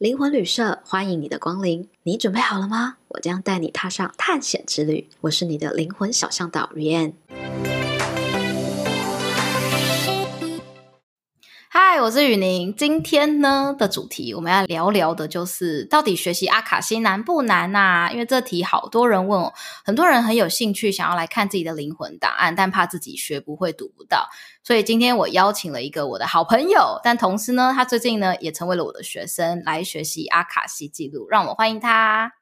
靈魂旅社，歡迎你的光臨，你準備好了嗎？我將帶你踏上探險之旅。我是你的靈魂小嚮導，Ryan。嗨，Hi, 我是雨寧。今天的呢的主題，我們要聊聊的就是到底學習阿卡西難不難吶、啊？因為這題好多人問我，很多人很有興趣想要來看自己的靈魂檔案，但怕自己學不會、讀不到，所以今天我邀請了一個我的好朋友，但同時呢，他最近呢也成為了我的學生，來學習阿卡西記錄，讓我們歡迎他。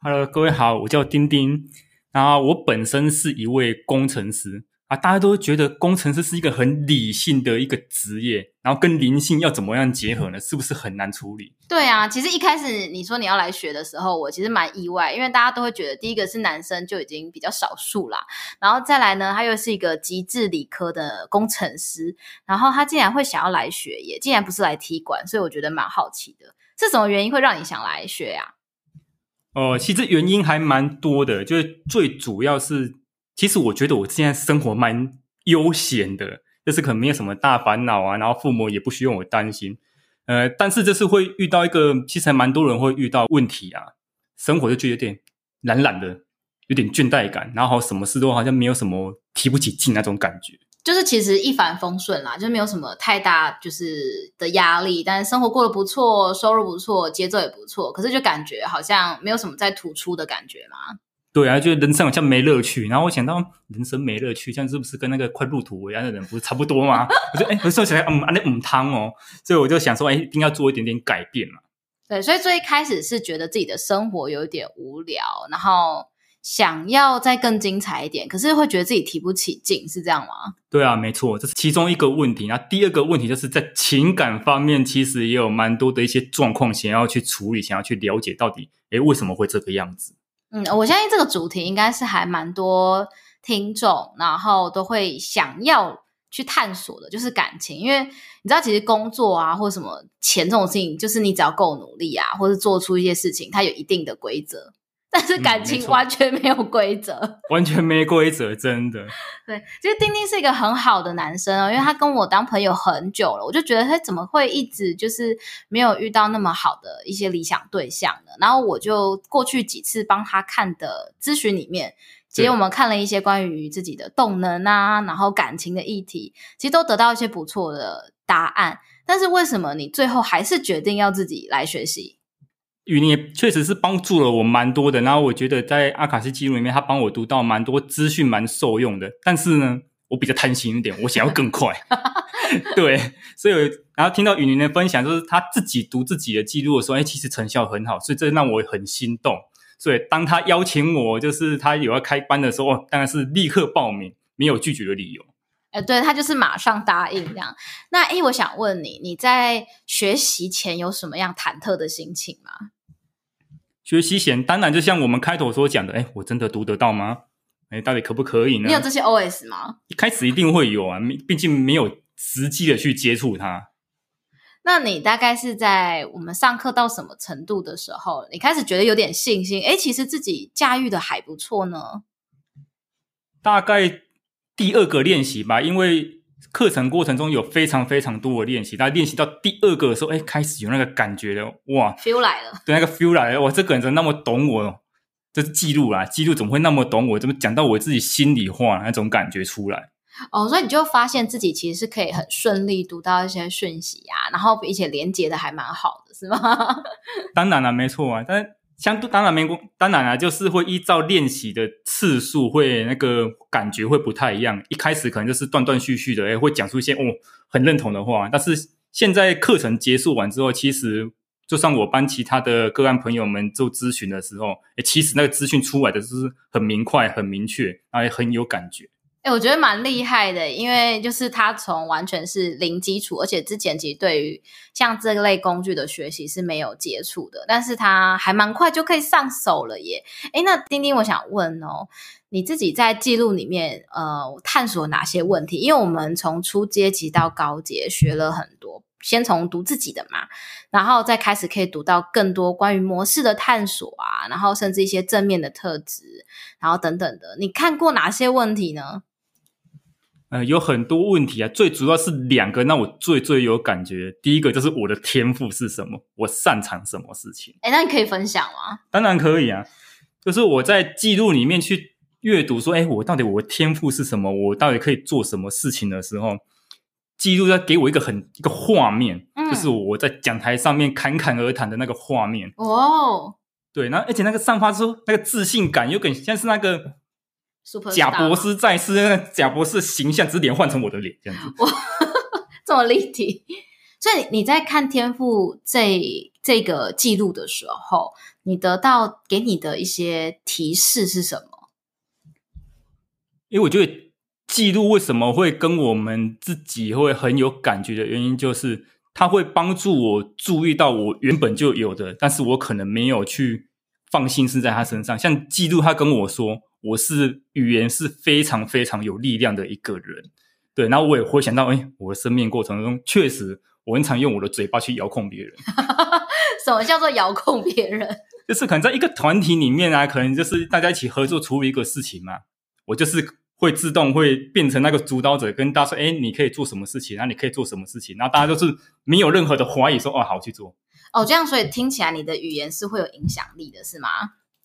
Hello，各位好，我叫丁丁，然、啊、後我本身是一位工程師。啊！大家都覺得工程師是一個很理性的一個職業，然後跟靈性要怎麼樣結合呢？是不是很難處理？對啊，其實一開始你說你要來學的時候，我其實蠻意外，因為大家都會覺得，第一個是男生就已經比較少數啦，然後再來呢，他又是一個極緻理科的工程師，然後他竟然會想要來學，也竟然不是來踢館，所以我覺得蠻好奇的，是什麼原因會讓你想來學呀、啊？哦、呃，其實原因還蠻多的，就是最主要是。其實我覺得我現在生活蠻悠閒的，就是可能沒有什麼大煩惱啊，然後父母也不需要我擔心，呃，但是就是會遇到一個，其實還蠻多人會遇到問題啊，生活就覺得有點懶懶的，有點倦怠感，然後什麼事都好像沒有什麼提不起勁那種感覺，就是其實一帆風順啦，就沒有什麼太大就是的壓力，但是生活過得不錯，收入不錯，節奏也不錯，可是就感覺好像沒有什麼在突出的感覺嘛。對啊，就是人生好像沒樂趣，然後我想到人生沒樂趣，像是不是跟那個快入土為安的人不是差不多嗎？ 我誒得哎，說起來啊那嗯湯哦，所以我就想說哎、欸，一定要做一點點改變嘛。對，所以最開始是覺得自己的生活有點無聊，然後想要再更精彩一點，可是會覺得自己提不起勁，是這樣嗎？對啊，沒錯，這是其中一個問題。那第二個問題就是在情感方面，其實也有蠻多的一些狀況想要去處理，想要去了解到底，誒、欸、為什麼會這個樣子？嗯，我相信這個主題應該是還蠻多聽眾，然後都會想要去探索的，就是感情。因為你知道，其實工作啊，或什麼錢這種事情，就是你只要夠努力啊，或者做出一些事情，它有一定的規則。但是感情完全沒有規則。嗯， 完全沒規則，真的。 對，其實丁丁是一個很好的男生哦，嗯。因為他跟我當朋友很久了，我就覺得他怎麼會一直就是沒有遇到那麼好的一些理想對象呢？然後我就過去幾次幫他看的諮詢裡面，其實我們看了一些關於自己的動能啊，然後感情的議題，其實都得到一些不錯的答案。但是為什麼你最後還是決定要自己來學習？雨寧也確實是幫助了我蠻多的，然後我覺得在阿卡西記錄裡面，他幫我讀到蠻多資訊，蠻受用的。但是呢，我比較貪心一點，我想要更快。 對，所以然後聽到雨寧的分享，就是他自己讀自己的記錄的時候，欸，其實成效很好，所以這讓我很心動。所以當他邀請我，就是他有要開班的時候，哦，當然是立刻報名，沒有拒絕的理由。哎，欸，對他就是馬上答應這樣。那哎，欸，我想問你，你在學習前有什麼樣忐忑的心情嗎？覺得西弦，當然就像我們開頭所講的，誒我真的讀得到嗎？誒到底可不可以呢？你有這些 OS 嗎？一開始一定會有啊，畢竟沒有實際的去接觸它。那你大概是在我們上課到什麼程度的時候，你開始覺得有點信心？誒其實自己駕馭的還不錯呢。大概第二個練習吧，因為。課程過程中有非常非常多的練習，那練習到第二個的時候，哎，開始有那個感覺了，哇，feel 來了，對，那個 feel 來了，哇，這個人怎麼那麼懂我？這是記錄啦，記錄怎麼會那麼懂我？怎麼講到我自己心裡話那種感覺出來？哦，所以你就發現自己其實是可以很順利讀到一些訊息啊，然後並且連結的還蠻好的，是嗎？ 當然啦，沒錯啊，但是。相對當然當然啊，就是會依照練習的次數，會那個感覺會不太一樣。一開始可能就是斷斷續續的，哎，會講出一些哦很認同的話。但是現在課程結束完之後，其實就算我幫其他的個案朋友們做諮詢的時候，哎，其實那個資訊出來的就是很明快、很明確，啊，也很有感覺。哎、欸，我覺得蠻厲害的，因為就是他從完全是零基礎，而且之前其實對於像這類工具的學習是沒有接觸的，但是他還蠻快就可以上手了耶。誒、欸、那丁丁，我想問哦，你自己在記錄裡面呃探索哪些問題？因為我們從初階級到高階學了很多，先從讀自己的嘛，然後再開始可以讀到更多關於模式的探索啊，然後甚至一些正面的特質，然後等等的，你看過哪些問題呢？呃，有很多問題啊，最主要是兩個。那我最最有感覺，第一個就是我的天賦是什麼，我擅長什麼事情。誒，那你可以分享嗎？當然可以啊，就是我在記錄裡面去閱讀，說，哎，我到底我的天賦是什麼？我到底可以做什麼事情的時候，記錄要給我一個很一個畫面，嗯。就是我在講台上面侃侃而談的那個畫面。哦，對，然後而且那個散發出那個自信感，有點像是那個。Super 賈博士在世，嗎賈博士形象之臉換成我的臉，這樣子，哇，這麼立體。所以你在看天賦這這個紀錄的時候，你得到給你的一些提示是什麼？因為我覺得紀錄為什麼會跟我們自己會很有感覺的原因，就是他會幫助我注意到我原本就有的，但是我可能沒有去放心思在他身上。像紀錄，他跟我說。我是語言是非常非常有力量的一個人，對。然後我也會想到，哎，我的生命過程中，確實我很常用我的嘴巴去遙控別人。 什麼叫做遙控別人？就是可能在一個團體裡面啊，可能就是大家一起合作處理一個事情嘛。我就是會自動會變成那個主導者，跟大家說，哎，你可以做什麼事情，那、啊、你可以做什麼事情，然後大家就是沒有任何的懷疑，說，哦，好去做。哦，這樣，所以聽起來你的語言是會有影響力的是嗎？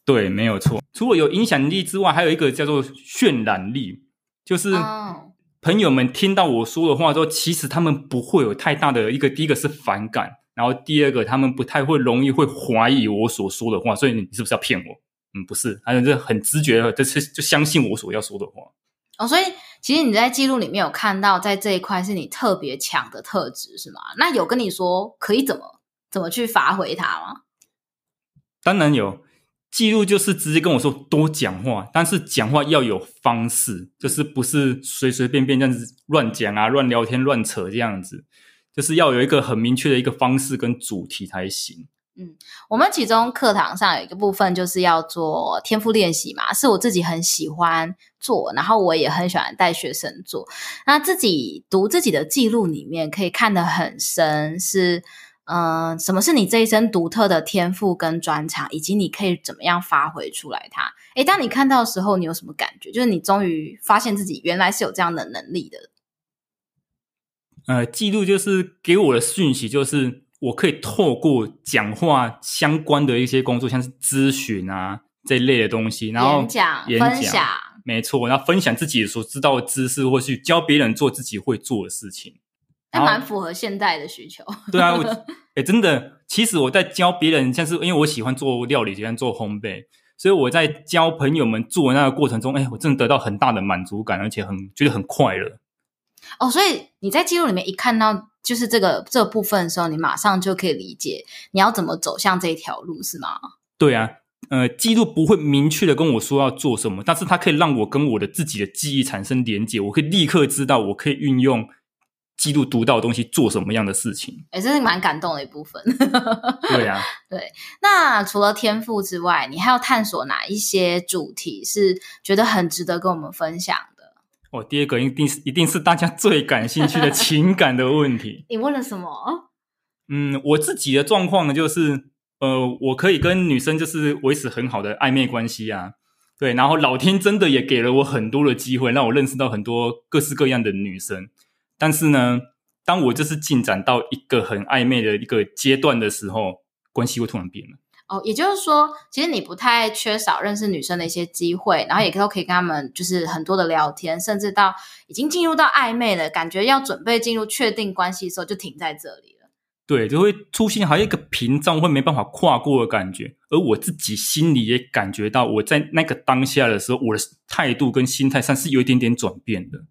對，沒有錯。除了有影響力之外，還有一個叫做渲染力，就是朋友們聽到我說的話之後，其實他們不會有太大的一個，第一個是反感，然後第二個他們不太會容易會懷疑我所說的話。所以你是不是要騙我？嗯，不是，他就是很直覺的，就是就相信我所要說的話。哦，所以其實你在記錄裡面有看到，在這一塊是你特別強的特質，是嗎？那有跟你說可以怎麼怎麼去發揮它嗎？當然有。記錄就是直接跟我說多講話，但是講話要有方式，就是不是隨隨便便這樣子亂講啊、亂聊天、亂扯這樣子，就是要有一個很明確的一個方式跟主題才行。嗯，我們其中課堂上有一個部分就是要做天賦練習嘛，是我自己很喜歡做，然後我也很喜歡帶學生做。那自己讀自己的記錄裡面可以看得很深，是。嗯、呃，什麼是你這一生獨特的天賦跟專長，以及你可以怎麼樣發揮出來它？誒，當你看到的時候，你有什麼感覺？就是你終於發現自己原來是有這樣的能力的。呃，記錄就是給我的訊息，就是我可以透過講話相關的一些工作，像是諮詢啊這一類的東西，然後演講、分享演講，沒錯，然後分享自己所知道的知識，或是去教別人做自己會做的事情。蠻符合現在的需求。對啊，我欸，真的，其實我在教別人，像是因為我喜歡做料理，喜歡做烘焙，所以我在教朋友們做那個過程中，欸，我真的得到很大的滿足感，而且很覺得很快樂。哦，所以你在記錄裡面一看到就是這個這部分的時候，你馬上就可以理解你要怎麼走向這條路，是嗎？對啊，呃，記錄不會明確的跟我說要做什麼，但是它可以讓我跟我的自己的記憶產生連接，我可以立刻知道我可以運用。記錄讀到的東西，做什麼樣的事情？誒、欸，這是蠻感動的一部分。 對啊，對。那除了天賦之外，你還要探索哪一些主題是覺得很值得跟我們分享的？哦，第二個一定是一定是大家最感興趣的情感的問題。 你問了什麼？嗯，我自己的狀況呢，就是呃，我可以跟女生就是維持很好的曖昧關係啊。對，然後老天真的也給了我很多的機會，讓我認識到很多各式各樣的女生。但是呢，當我這次進展到一個很曖昧的一個階段的時候，關係會突然變了。哦，也就是說，其實你不太缺少認識女生的一些機會，然後也都可以跟他們就是很多的聊天，甚至到已經進入到曖昧了，感覺要準備進入確定關係的時候，就停在這裡了。對，就會出現好像一個屏障，會沒辦法跨過的感覺。而我自己心裡也感覺到，我在那個當下的時候，我的態度跟心態上是有一點點轉變的。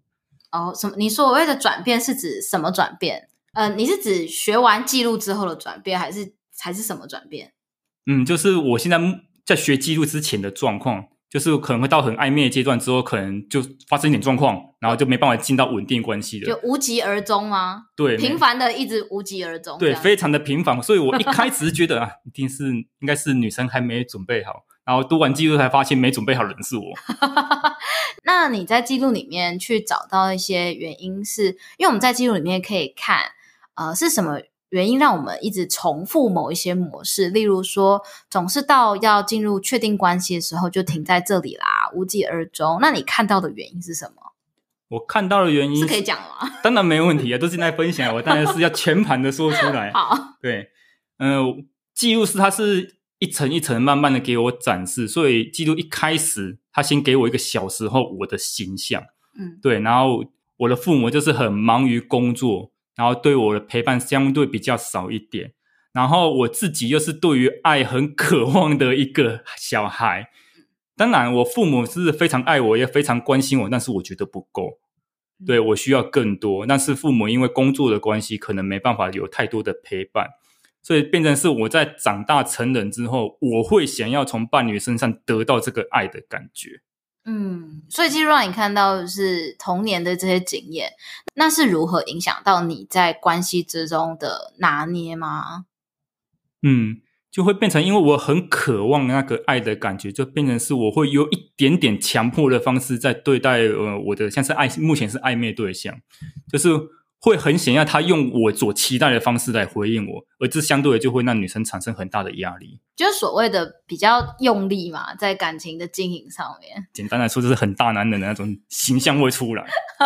哦，什麼？你所謂的轉變是指什麼轉變？呃，你是指學完記錄之後的轉變，還是還是什麼轉變？嗯，就是我現在在學記錄之前的狀況，就是可能會到很曖昧的階段之後，可能就發生一點狀況，然後就沒辦法進到穩定關係的，就無疾而終嗎？對，頻繁的一直無疾而終，對，非常的頻繁。所以我一開始覺得啊， 一定是應該是女生還沒準備好。然後讀完記錄才發現沒準備好人是我。 那你在記錄裡面去找到一些原因是，是因為我們在記錄裡面可以看，呃，是什麼原因讓我們一直重複某一些模式？例如說，總是到要進入確定關係的時候就停在這裡啦，無疾而終。那你看到的原因是什麼？我看到的原因是，是可以講嗎？ 當然沒問題啊，都是在分享，我當然是要全盤的說出來。 好，對，嗯、呃，記錄是它是，一層一層慢慢的給我展示，所以記錄一開始他先給我一個小時候我的形象，嗯、對，然後我的父母就是很忙於工作，然後對我的陪伴相對比較少一點，然後我自己又是對於愛很渴望的一個小孩，當然我父母是非常愛我，也非常關心我，但是我覺得不夠，嗯、對，我需要更多，但是父母因為工作的關係，可能沒辦法有太多的陪伴。所以變成是我在長大成人之後，我會想要從伴侶身上得到這個愛的感覺。嗯，所以其實讓你看到是童年的這些經驗，那是如何影響到你在關係之中的拿捏嗎？嗯，就會變成因為我很渴望那個愛的感覺，就變成是我會有一點點強迫的方式在對待呃我的，像是愛，目前是曖昧對象，就是。會很想要他用我所期待的方式來回應我，而這相對就會讓女生產生很大的壓力，就是所謂的比較用力嘛，在感情的經營上面。簡單來說，就是很大男人的那種形象會出來。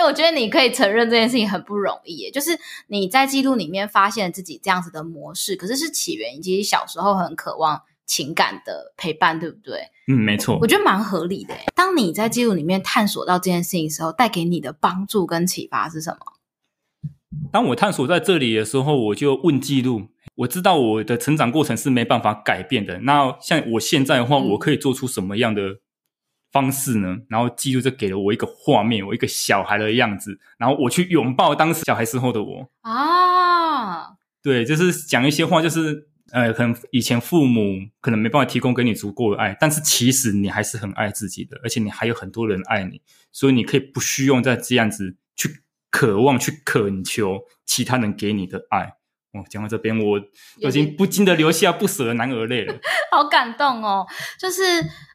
因為我覺得你可以承認這件事情很不容易，就是你在記錄裡面發現自己這樣子的模式，可是是起源以及小時候很渴望情感的陪伴，對不對？嗯，沒錯。我覺得蠻合理的。當你在記錄裡面探索到這件事情的時候，帶給你的幫助跟啟發是什麼？當我探索在這裡的時候，我就問記錄：我知道我的成長過程是沒辦法改變的。那像我現在的話，嗯、我可以做出什麼樣的方式呢？然後記錄就給了我一個畫面，我一個小孩的樣子，然後我去擁抱當時小孩時候的我啊。對，就是講一些話，就是。嗯呃，可能以前父母可能沒辦法提供給你足夠的愛，但是其實你還是很愛自己的，而且你還有很多人愛你，所以你可以不需要再這樣子去渴望、去懇求其他人給你的愛。我、哦、講到這邊，我都已經不禁的流下不捨的男兒淚了。有點 好感動哦，就是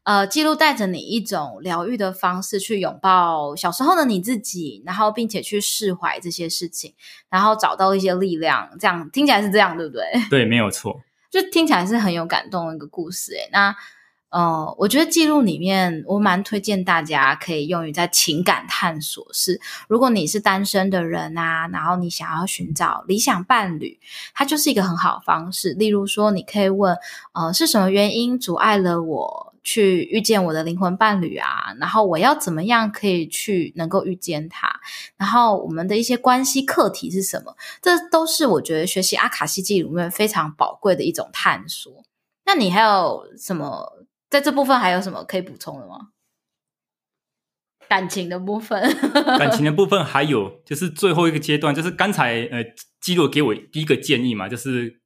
呃，記錄帶着你一種療癒的方式去擁抱小時候的你自己，然後並且去釋懷這些事情，然後找到一些力量。這樣聽起來是這樣，對不對？對，沒有錯。就聽起來是很有感動的一個故事誒，那。哦、嗯，我覺得記錄裡面，我蠻推薦大家可以用於在情感探索。是，如果你是單身的人啊，然後你想要尋找理想伴侶，它就是一個很好的方式。例如說，你可以問，呃，是什麼原因阻礙了我去遇見我的靈魂伴侶啊？然後我要怎麼樣可以去能夠遇見他？然後我們的一些關係課題是什麼？這都是我覺得學習阿卡西記裡面非常寶貴的一種探索。那你還有什麼？在這部分還有什麼可以補充的嗎？感情的部分， 感情的部分還有就是最後一個階段，就是剛才呃紀錄給我第一個建議嘛，就是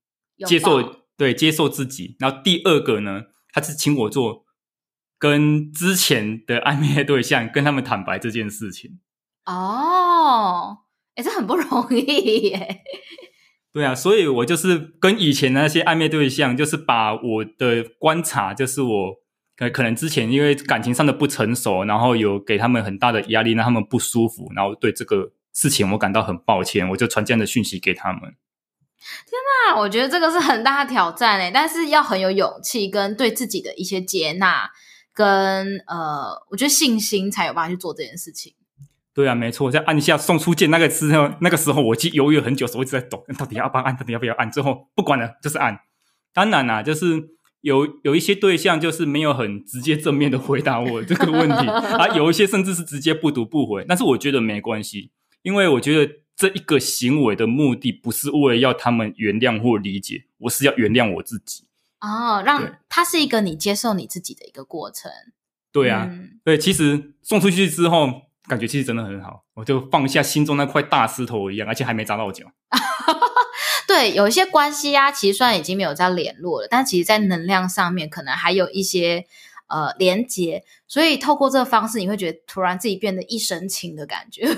接受抱對，接受自己，然後第二個呢，他是請我做跟之前的曖昧的對象，跟他們坦白這件事情。哦，誒，這很不容易耶。對啊，所以我就是跟以前那些曖昧對象，就是把我的觀察，就是我可能之前因為感情上的不成熟，然後有給他們很大的壓力，讓他們不舒服，然後對這個事情我感到很抱歉，我就傳這樣的訊息給他們。天啊，我覺得這個是很大的挑戰嘞，但是要很有勇氣，跟對自己的一些接納，跟呃，我覺得信心才有辦法去做這件事情。對啊，沒錯。在按下送出鍵那個時候，那個時候我猶豫很久，我一直在抖，到底要不要按？到底要不要按？最後不管了，就是按。當然啦、啊，就是有有一些對象就是沒有很直接正面的回答我這個問題， 啊，有一些甚至是直接不讀不回。但是我覺得沒關係，因為我覺得這一個行為的目的不是為了要他們原諒或理解，我是要原諒我自己。哦，讓對它是一個你接受你自己的一個過程。對啊，嗯、對，其實送出去之後。感覺其實真的很好，我就放下心中那塊大石頭一樣，而且還沒砸到我腳。 對，有一些關係啊，其實雖然已經沒有在聯絡了，但其實在能量上面可能還有一些呃連接，所以透過這個方式，你會覺得突然自己變得一身輕的感覺。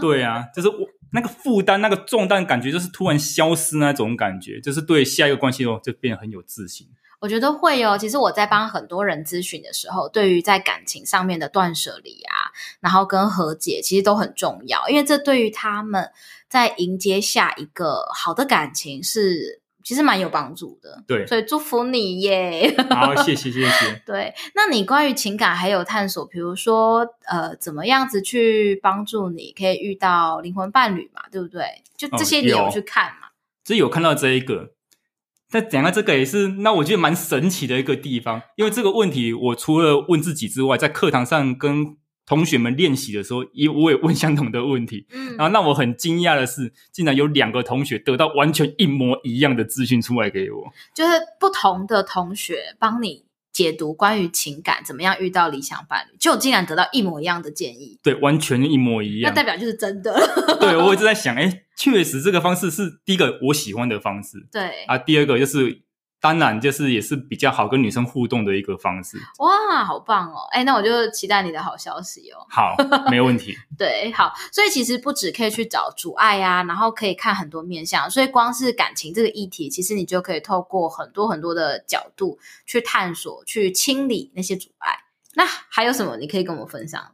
對啊，就是我那個負擔、那個重擔，感覺就是突然消失那種感覺，就是對下一個關係哦，就變得很有自信。我覺得會哦，其實我在幫很多人諮詢的時候，對於在感情上面的斷舍離啊。然後跟和解其實都很重要，因為這對於他們在迎接下一個好的感情是其實蠻有幫助的。對，所以祝福你耶！好，謝謝謝謝。 對，那你關於情感還有探索，比如說呃，怎麼樣子去幫助你可以遇到靈魂伴侶嘛？對不對？就這些你有去看嘛？就、嗯、有，有看到這一個，但講到這個也是，那我覺得蠻神奇的一個地方，因為這個問題我除了問自己之外，在課堂上跟同學們練習的時候，也我也問相同的問題，嗯，然後讓我很驚訝的是，竟然有兩個同學得到完全一模一樣的資訊出來給我，就是不同的同學幫你解讀關於情感怎麼樣遇到理想伴侶，就竟然得到一模一樣的建議，對，完全一模一樣，那代表就是真的。 對，我一直在想，誒，確實這個方式是第一個我喜歡的方式，對，啊，第二個就是。當然，就是也是比較好跟女生互動的一個方式。哇，好棒哦！哎、欸，那我就期待你的好消息哦。好，沒有問題。 對，好。所以其實不只可以去找阻礙啊，然後可以看很多面向。所以光是感情這個議題，其實你就可以透過很多很多的角度去探索、去清理那些阻礙。那還有什麼你可以跟我分享？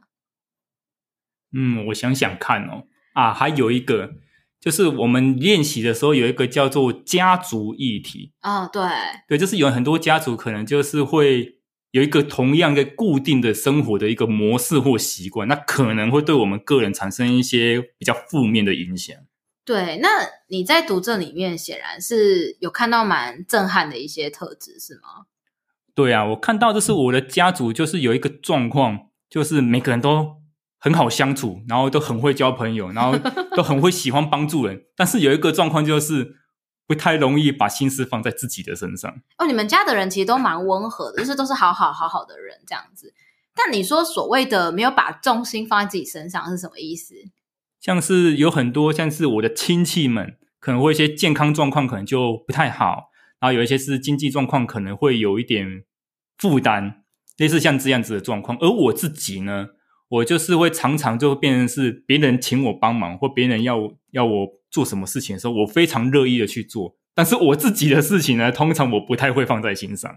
嗯，我想想看哦。啊，還有一個。就是我們練習的時候有一個叫做家族議題啊，哦，對對，就是有很多家族可能就是會有一個同樣的固定的生活的一個模式或習慣，那可能會對我們個人產生一些比較負面的影響。對，那你在讀這裡面顯然是有看到蠻震撼的一些特質，是嗎？對啊，我看到就是我的家族就是有一個狀況，就是每個人都。很好相處，然後都很會交朋友，然後都很會喜歡幫助人。 但是有一個狀況就是不太容易把心思放在自己的身上。哦，你們家的人其實都蠻溫和的，就是都是好好好好的人這樣子。但你說所謂的沒有把重心放在自己身上是什麼意思？像是有很多，像是我的親戚們，可能會一些健康狀況可能就不太好，然後有一些是經濟狀況可能會有一點負擔，類似像這樣子的狀況。而我自己呢？我就是會常常就會變成是別人請我幫忙或別人要要我做什麼事情的時候，我非常樂意的去做。但是我自己的事情呢，通常我不太會放在心上。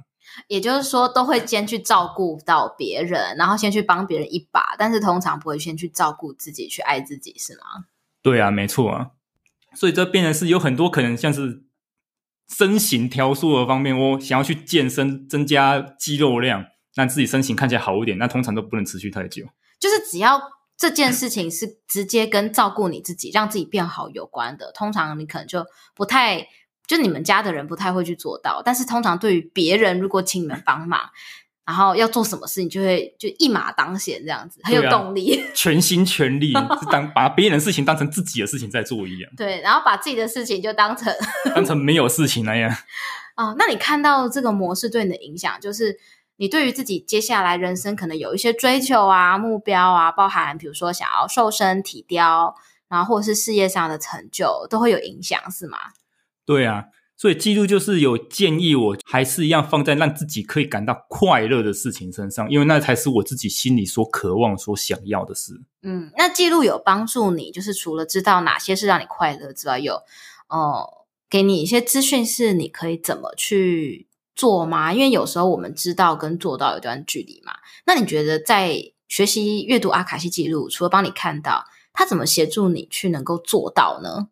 也就是說，都會先去照顧到別人，然後先去幫別人一把，但是通常不會先去照顧自己，去愛自己，是嗎？對啊，沒錯啊。所以這變成是有很多可能，像是身形雕塑的方面，我想要去健身，增加肌肉量，讓自己身形看起來好一點，那通常都不能持續太久。就是只要這件事情是直接跟照顧你自己、嗯、讓自己變好有關的，通常你可能就不太就你們家的人不太會去做到。但是通常對於別人，如果請你們幫忙，嗯、然後要做什麼事，你就會就一馬當先這樣子，很有動力，啊、全心全力 當把別人的事情當成自己的事情在做一樣。 對，然後把自己的事情就當成 當成沒有事情那、啊、樣。哦，那你看到這個模式對你的影響就是？你對於自己接下來人生可能有一些追求啊、目標啊，包含比如說想要瘦身、體雕，然後或者是事業上的成就，都會有影響，是嗎？對啊，所以記錄就是有建議，我還是一樣放在讓自己可以感到快樂的事情身上，因為那才是我自己心裡所渴望、所想要的事。嗯，那記錄有幫助你，就是除了知道哪些是讓你快樂之外，有哦、呃，給你一些資訊，是你可以怎麼去。做嗎？因為有時候我們知道跟做到有段距離嘛。那你覺得在學習閱讀阿卡西記錄，除了幫你看到，他怎麼協助你去能夠做到呢？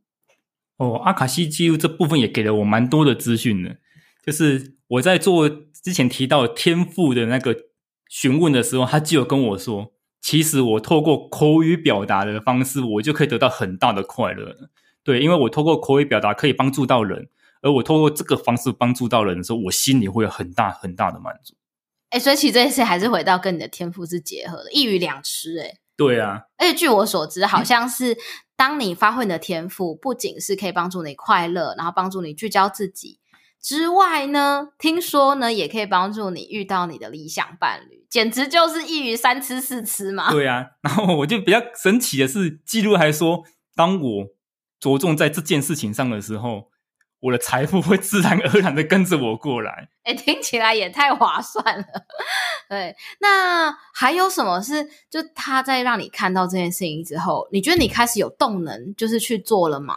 哦，阿卡西記錄這部分也給了我蠻多的資訊的。就是我在做之前提到天賦的那個詢問的時候，他就有跟我說，其實我透過口語表達的方式，我就可以得到很大的快樂。對，因為我透過口語表達可以幫助到人。而我通過這個方式幫助到人的時候，我心裡會有很大很大的滿足。哎、欸，所以其實這件事還是回到跟你的天賦是結合的，一魚兩吃、欸，哎。對啊，而且據我所知，好像是當你發揮你的天賦，欸、不僅是可以幫助你快樂，然後幫助你聚焦自己之外呢，聽說呢也可以幫助你遇到你的理想伴侶，簡直就是一魚三吃四吃嘛。對啊，然後我就比較神奇的是，記錄還說，當我着重在這件事情上的時候。我的財富會自然而然的跟着我過來，哎、欸，聽起來也太划算了。對，那還有什麼是就他在讓你看到這件事情之後，你覺得你開始有動能，就是去做了嗎？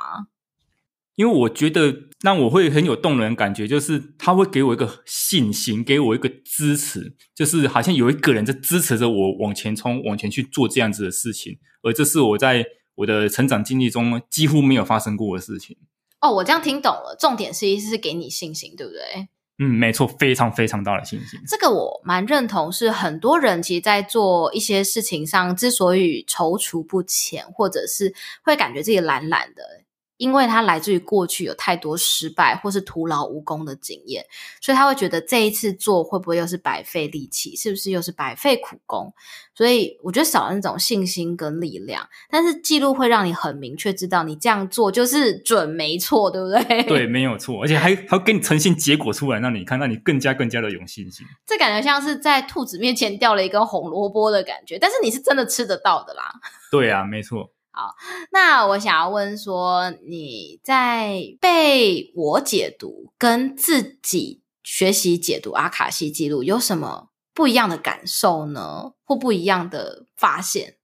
因為我覺得讓我會很有動能的感覺，就是他會給我一個信心，給我一個支持，就是好像有一個人在支持着我往前衝，往前去做這樣子的事情。而這是我在我的成長經歷中幾乎沒有發生過的事情。哦，我這樣聽懂了。重點其實是給你信心，對不對？嗯，沒錯，非常非常大的信心。這個我蠻認同，是很多人其實，在做一些事情上，之所以躊躇不前，或者是會感覺自己懶懶的。因為他來自於過去有太多失敗或是徒勞無功的經驗，所以他會覺得這一次做會不會又是白費力氣？是不是又是白費苦功？所以我覺得少了那種信心跟力量。但是記錄會讓你很明確知道，你這樣做就是準沒錯，對不對？對，沒有錯，而且還還會給你呈現結果出來，讓你看，讓你更加更加的有信心。這感覺像是在兔子面前掉了一根紅蘿蔔的感覺，但是你是真的吃得到的啦。對啊，沒錯。好，那我想要問說，你在被我解讀跟自己學習解讀阿卡西記錄有什麼不一樣的感受呢？或不一樣的發現？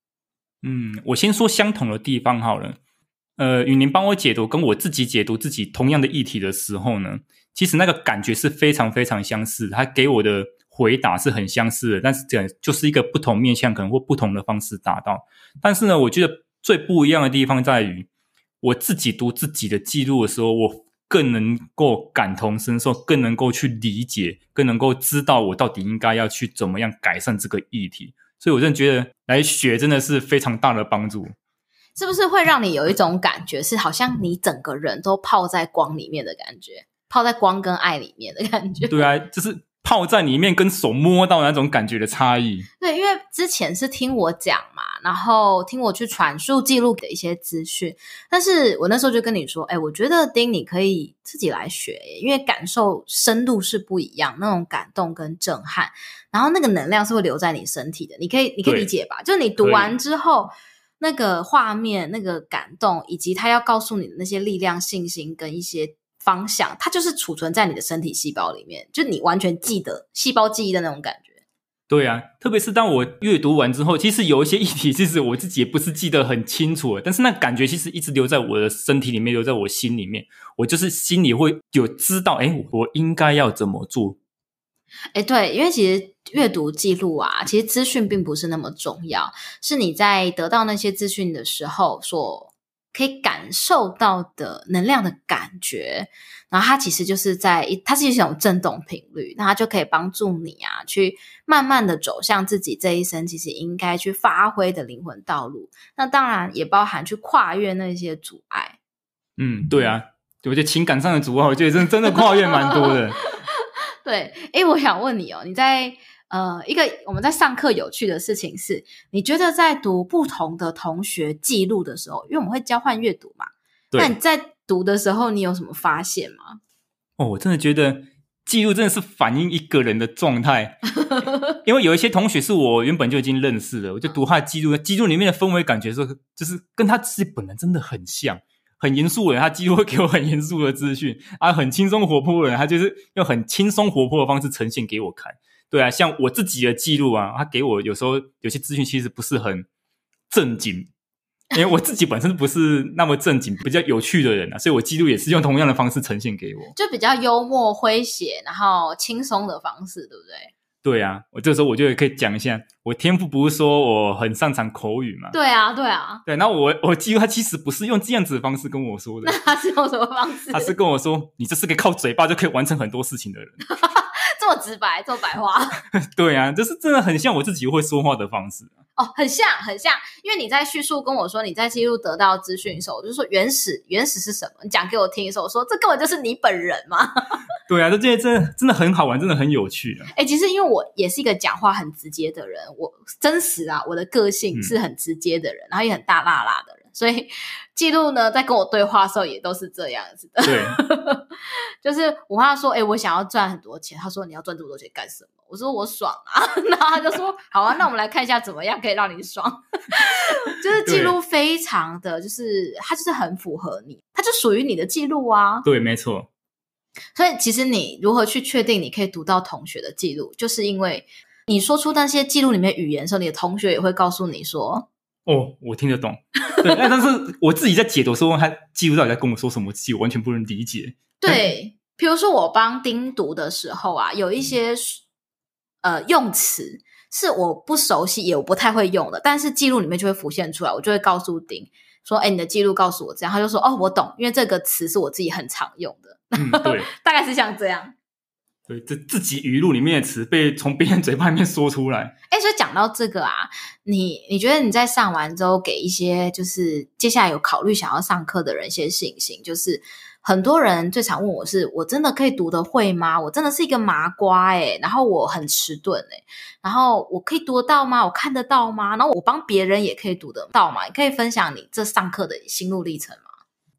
嗯，我先說相同的地方好了。呃，雨寧幫我解讀，跟我自己解讀自己同樣的議題的時候呢，其實那個感覺是非常非常相似，他給我的回答是很相似的，但是這就是一個不同面向，可能或不同的方式達到。但是呢，我覺得。最不一樣的地方在於，我自己讀自己的記錄的時候，我更能夠感同身受，更能夠去理解，更能夠知道我到底應該要去怎麼樣改善這個議題。所以，我真的覺得來學真的是非常大的幫助。是不是會讓你有一種感覺，是好像你整個人都泡在光裡面的感覺，泡在光跟愛裡面的感覺？ 對啊，就是。泡在裡面跟手摸到那種感覺的差異，對，因為之前是聽我講嘛，然後聽我去傳述記錄的一些資訊，但是我那時候就跟你說，哎、欸，我覺得丁你可以自己來學，因為感受深度是不一樣，那種感動跟震撼，然後那個能量是會留在你身體的，你可以，你可以理解吧？對 就你讀完之後，對 那個畫面、那個感動，以及他要告訴你的那些力量、信心跟一些。方向，它就是儲存在你的身體細胞裡面，就你完全記得細胞記憶的那種感覺。對啊，特別是當我閱讀完之後，其實有一些議題，其實我自己也不是記得很清楚了，但是那感覺其實一直留在我的身體裡面，留在我心裡面。我就是心裡會有知道，哎，我應該要怎麼做？哎，對，因為其實閱讀記錄啊，其實資訊並不是那麼重要，是你在得到那些資訊的時候所可以感受到的能量的感覺，然後它其實就是在，它是一種震動頻率，那它就可以幫助你啊，去慢慢的走向自己這一生其實應該去發揮的靈魂道路。那當然也包含去跨越那些阻礙。嗯，對啊，我覺得情感上的阻礙，我覺得真的真的跨越蠻多的。 對，誒，我想問你哦，你在？呃，一個我們在上課有趣的事情是，你覺得在讀不同的同學記錄的時候，因為我們會交換閱讀嘛，對。那你在讀的時候，你有什麼發現嗎？哦，我真的覺得記錄真的是反映一個人的狀態， 因為有一些同學是我原本就已經認識的，我就讀他的記錄，記錄裡面的氛圍感覺是就是跟他自己本人真的很像，很嚴肅的人，他記錄會給我很嚴肅的資訊啊，很輕鬆活潑的人，他就是用很輕鬆活潑的方式呈現給我看。對啊，像我自己的記錄啊，他給我有時候有些資訊其實不是很正經，因為我自己本身不是那麼正經， 比較有趣的人啊，所以我記錄也是用同樣的方式呈現給我，就比較幽默、詼諧，然後輕鬆的方式，對不對？對啊，我這個時候我就也可以講一下，我天賦不是說我很擅長口語嘛？ 對啊，對啊，對。那我我記錄他其實不是用這樣子的方式跟我說的， 那他是用什麼方式？他是跟我說，你這是個靠嘴巴就可以完成很多事情的人。 這麼直白，這麼白話， 對啊，就是真的很像我自己會說話的方式哦，很像，很像，因為你在敘述跟我說你在記錄得到的資訊的時候，我就是說原始，原始是什麼？你講給我聽的時候，我說這根本就是你本人嘛。 對啊，這這些真的真的很好玩，真的很有趣啊。哎、欸，其實因為我也是一個講話很直接的人，我真實啊，我的個性是很直接的人，嗯、然後也很大剌剌的人。所以記錄呢，在跟我對話的時候也都是這樣子的，對 就是我跟他說：“誒、欸、我想要賺很多錢。”他說：“你要賺這麼多錢幹什麼？”我說：“我爽啊！”然 後他就說：“好啊，那我們來看一下怎麼樣可以讓你爽。 ”就是記錄非常的就是，對它就是很符合你，它就屬於你的記錄啊。對，沒錯。所以其實你如何去確定你可以讀到同學的記錄，就是因為你說出那些記錄裡面語言的時候，你的同學也會告訴你說。哦，我聽得懂。對，但是我自己在解讀的時候，他記錄到底在跟我說什麼，自己我完全不能理解。 但對，譬如說我幫丁讀的時候啊，有一些、嗯、呃用詞是我不熟悉，也我不太會用的，但是記錄裡面就會浮現出來，我就會告訴丁說：“哎，你的記錄告訴我這樣。”他就說：“哦，我懂，因為這個詞是我自己很常用的。嗯”對， 大概是像這樣。對，這自己語錄裡面的詞被從別人嘴巴裡面說出來。哎、欸，所以講到這個啊，你你覺得你在上完之後，給一些就是接下來有考慮想要上課的人一些信心。就是很多人最常問我是：我真的可以讀得會嗎？我真的是一個麻瓜誒、欸，然後我很遲鈍誒、欸。然後我可以讀得到嗎？我看得到嗎？然後我幫別人也可以讀得到嗎？你可以分享你這上課的心路歷程嗎？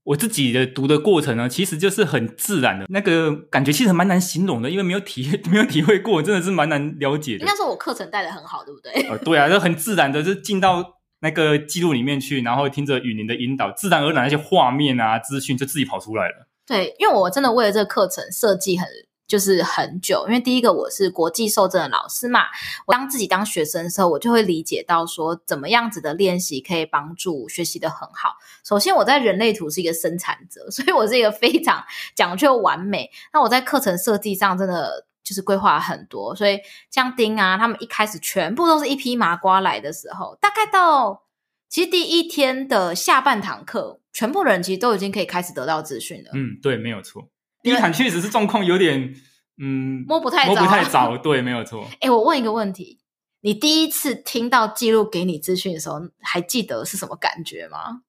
我自己的讀的過程呢，其實就是很自然的，那個感覺其實蠻難形容的，因為沒有體驗沒有體會過，真的是蠻難了解的。應該是我課程帶的很好，對不對？呃、哦，對啊，就很自然的就進到那個記錄裡面去，然後聽着雨林的引導，自然而然那些畫面啊、資訊就自己跑出來了。對，因為我真的為了這個課程設計很。就是很久，因為第一個我是國際受證的老師嘛。我當自己當學生的時候，我就會理解到說，怎麼樣子的練習可以幫助學習得很好。首先，我在人類圖是一個生產者，所以我是一個非常講究完美。那我在課程設計上真的就是規劃很多，所以像丁啊，他們一開始全部都是一批麻瓜來的時候，大概到其實第一天的下半堂課，全部人其實都已經可以開始得到資訊了。嗯，對，沒有錯。因為他確實是狀況有點，嗯，摸不太早、啊、摸不太早，對，沒有錯。哎，我問一個問題，你第一次聽到記錄給你資訊的時候，還記得是什麼感覺嗎？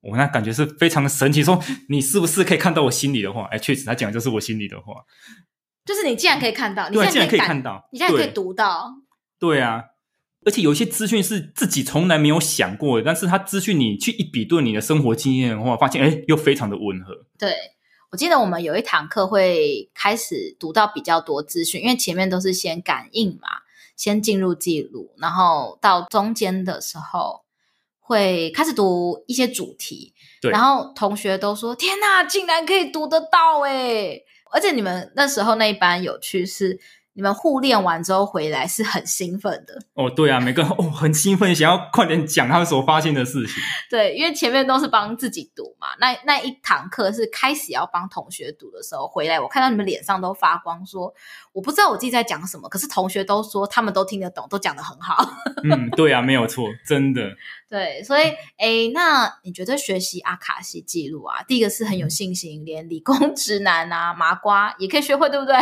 我、哦、那感覺是非常神奇，說你是不是可以看到我心裡的話？哎，確實，他講的就是我心裡的話。就是你竟然可以看到，嗯、你現在可以看到，你現在可以讀到。對，對啊，而且有一些資訊是自己從來沒有想過的，但是他資訊你去一比對你的生活經驗的話，發現哎，又非常的吻合。對。我記得我們有一堂課會開始讀到比較多資訊，因為前面都是先感應嘛，先進入記錄，然後到中間的時候會開始讀一些主題，對然後同學都說：“天哪，竟然可以讀得到、欸！”誒，而且你們那時候那一班有趣是。你們互練完之後，回來是很興奮的哦，對啊，每個人哦很興奮，想要快點講他們所發現的事情。對，因為前面都是幫自己讀嘛，那那一堂課是開始要幫同學讀的時候回來，我看到你們臉上都發光說，說我不知道我自己在講什麼，可是同學都說他們都聽得懂，都講得很好。 嗯，對啊，沒有錯，真的。對，所以誒，那你覺得學習阿卡西紀錄啊，第一個是很有信心，連理工直男啊、麻瓜也可以學會，對不對？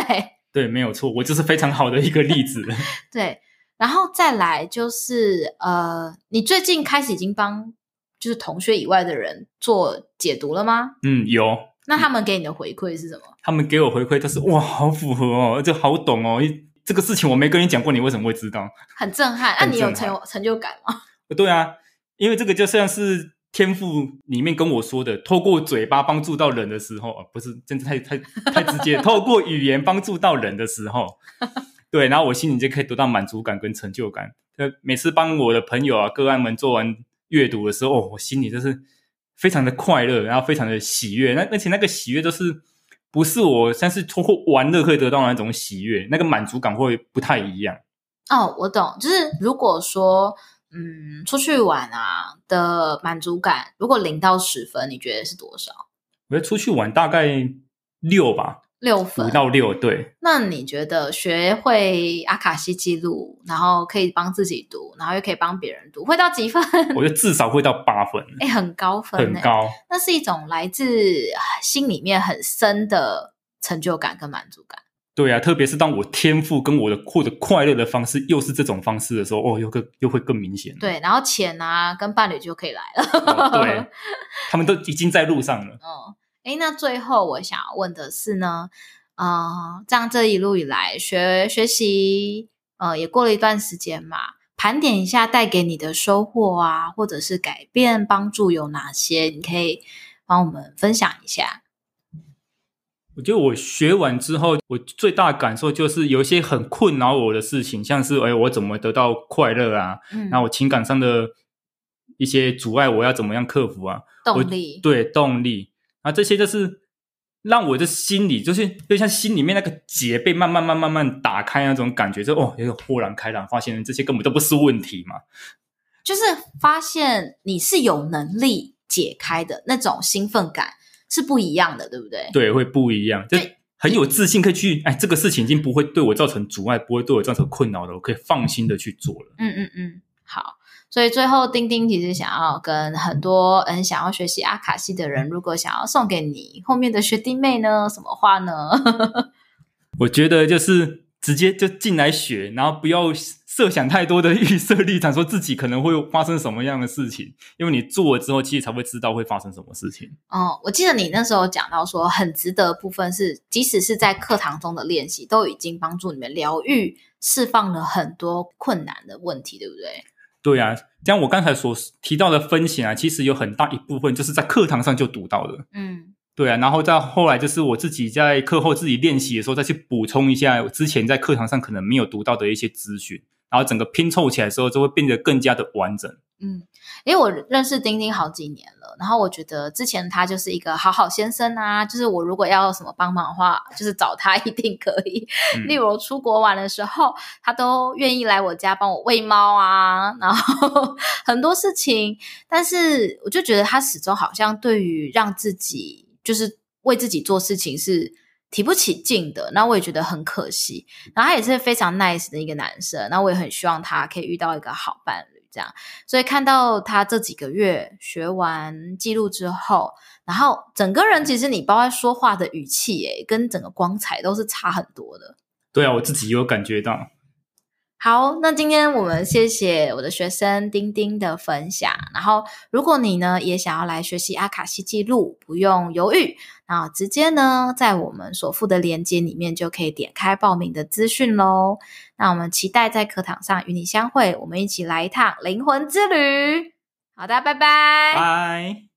對，沒有錯，我就是非常好的一個例子。 對，然後再來就是呃，你最近開始已經幫就是同學以外的人做解讀了嗎？嗯，有。那他們給你的回饋是什麼？嗯、他們給我回饋都是哇，好符合哦，就好懂哦。這個事情我沒跟你講過，你為什麼會知道？很震撼。那、啊、你有成有成就感嗎？對啊，因為這個就像是。天賦裡面跟我說的，透過嘴巴幫助到人的時候，啊，不是真的太太太直接，透過語言幫助到人的時候， 對，然後我心裡就可以得到滿足感跟成就感。就每次幫我的朋友啊、個案們做完閱讀的時候，哦，我心裡就是非常的快樂，然後非常的喜悅。那而且那個喜悅都、就是不是我像是通過玩樂可以得到那種喜悅，那個滿足感會不太一樣。哦，我懂，就是如果說。嗯，出去玩啊的滿足感，如果零到十分，你覺得是多少？我覺得出去玩大概六吧，六分，五到六，對。那你覺得學會阿卡西記錄，然後可以幫自己讀，然後又可以幫別人讀，會到幾分？我覺得至少會到八分。哎，欸，很高分欸。很高。那是一種來自心裡面很深的成就感跟滿足感。對呀、啊，特別是當我天賦跟我的或者快樂的方式又是這種方式的時候，哦，又會又會更明顯。對，然後錢啊跟伴侶就可以來了 哦。對，他們都已經在路上了。哦，哎，那最後我想問的是呢，啊、呃，這樣這一路以來學學習，呃，也過了一段時間嘛，盤點一下帶給你的收穫啊，或者是改變幫助有哪些，你可以幫我們分享一下。我覺得我學完之後，我最大的感受就是有一些很困擾我的事情，像是哎、欸，我怎麼得到快樂啊？嗯、然後我情感上的一些阻礙，我要怎麼樣克服啊？動力。對，動力。啊，這些就是讓我的心裡就是就像心裡面那個結被慢慢、慢、慢慢打開那種感覺，就哦，有豁然開朗，發現這些根本都不是問題嘛。就是發現你是有能力解開的那種興奮感。是不一樣的，對不對？對，會不一樣，就很有自信，可以去以哎，這個事情已經不會對我造成阻礙，嗯、不會對我造成困擾了，我可以放心的去做了。嗯嗯嗯，好，所以最後丁丁其實想要跟很多嗯想要學習阿卡西的人，如果想要送給你、嗯、後面的學弟妹呢，什麼話呢？ 我覺得就是直接就進來學，然後不要。設想太多的預設立場，說自己可能會發生什麼樣的事情，因為你做了之後，其實才會知道會發生什麼事情。哦，我記得你那時候講到說，很值得的部分是，即使是在課堂中的練習，都已經幫助你們療癒、釋放了很多困難的問題，對不對？對啊，像我剛才所提到的風險啊，其實有很大一部分就是在課堂上就讀到的。嗯，對啊，然後再後來就是我自己在課後自己練習的時候，再去補充一下我之前在課堂上可能沒有讀到的一些資訊。然後整個拼湊起來的時候，就會變得更加的完整。嗯，因為我認識丁丁好幾年了，然後我覺得之前他就是一個好好先生啊，就是我如果要什麼幫忙的話，就是找他一定可以。嗯，例如我出國玩的時候，他都願意來我家幫我餵貓啊，然後很多事情。但是我就覺得他始終好像對於讓自己就是為自己做事情是。提不起勁的，那我也覺得很可惜。然後他也是非常 nice 的一個男生，那我也很希望他可以遇到一個好伴侶，這樣。所以看到他這幾個月學完紀錄之後，然後整個人其實你包括說話的語氣，欸，哎，跟整個光彩都是差很多的。對啊，我自己有感覺到。好，那今天我們謝謝我的學生丁丁的分享。然後，如果你呢也想要來學習阿卡西記錄，不用猶豫，然後直接呢在我們所附的鏈接裡面就可以點開報名的資訊嘍。那我們期待在課堂上與你相會，我們一起來一趟靈魂之旅。好的，拜拜。拜。